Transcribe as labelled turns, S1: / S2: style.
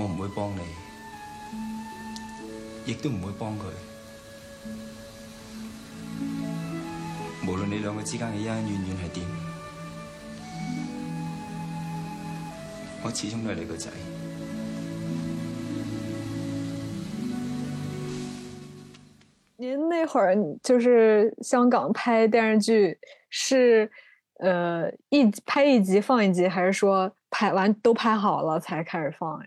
S1: 我唔會幫你，亦都唔會幫佢。無論你兩個之間嘅恩恩怨怨係點，我始終都係你個仔。
S2: 您那會兒就是香港拍電視劇，是，呃，一拍一集放一集，還是說拍完都拍好了才開始放呀？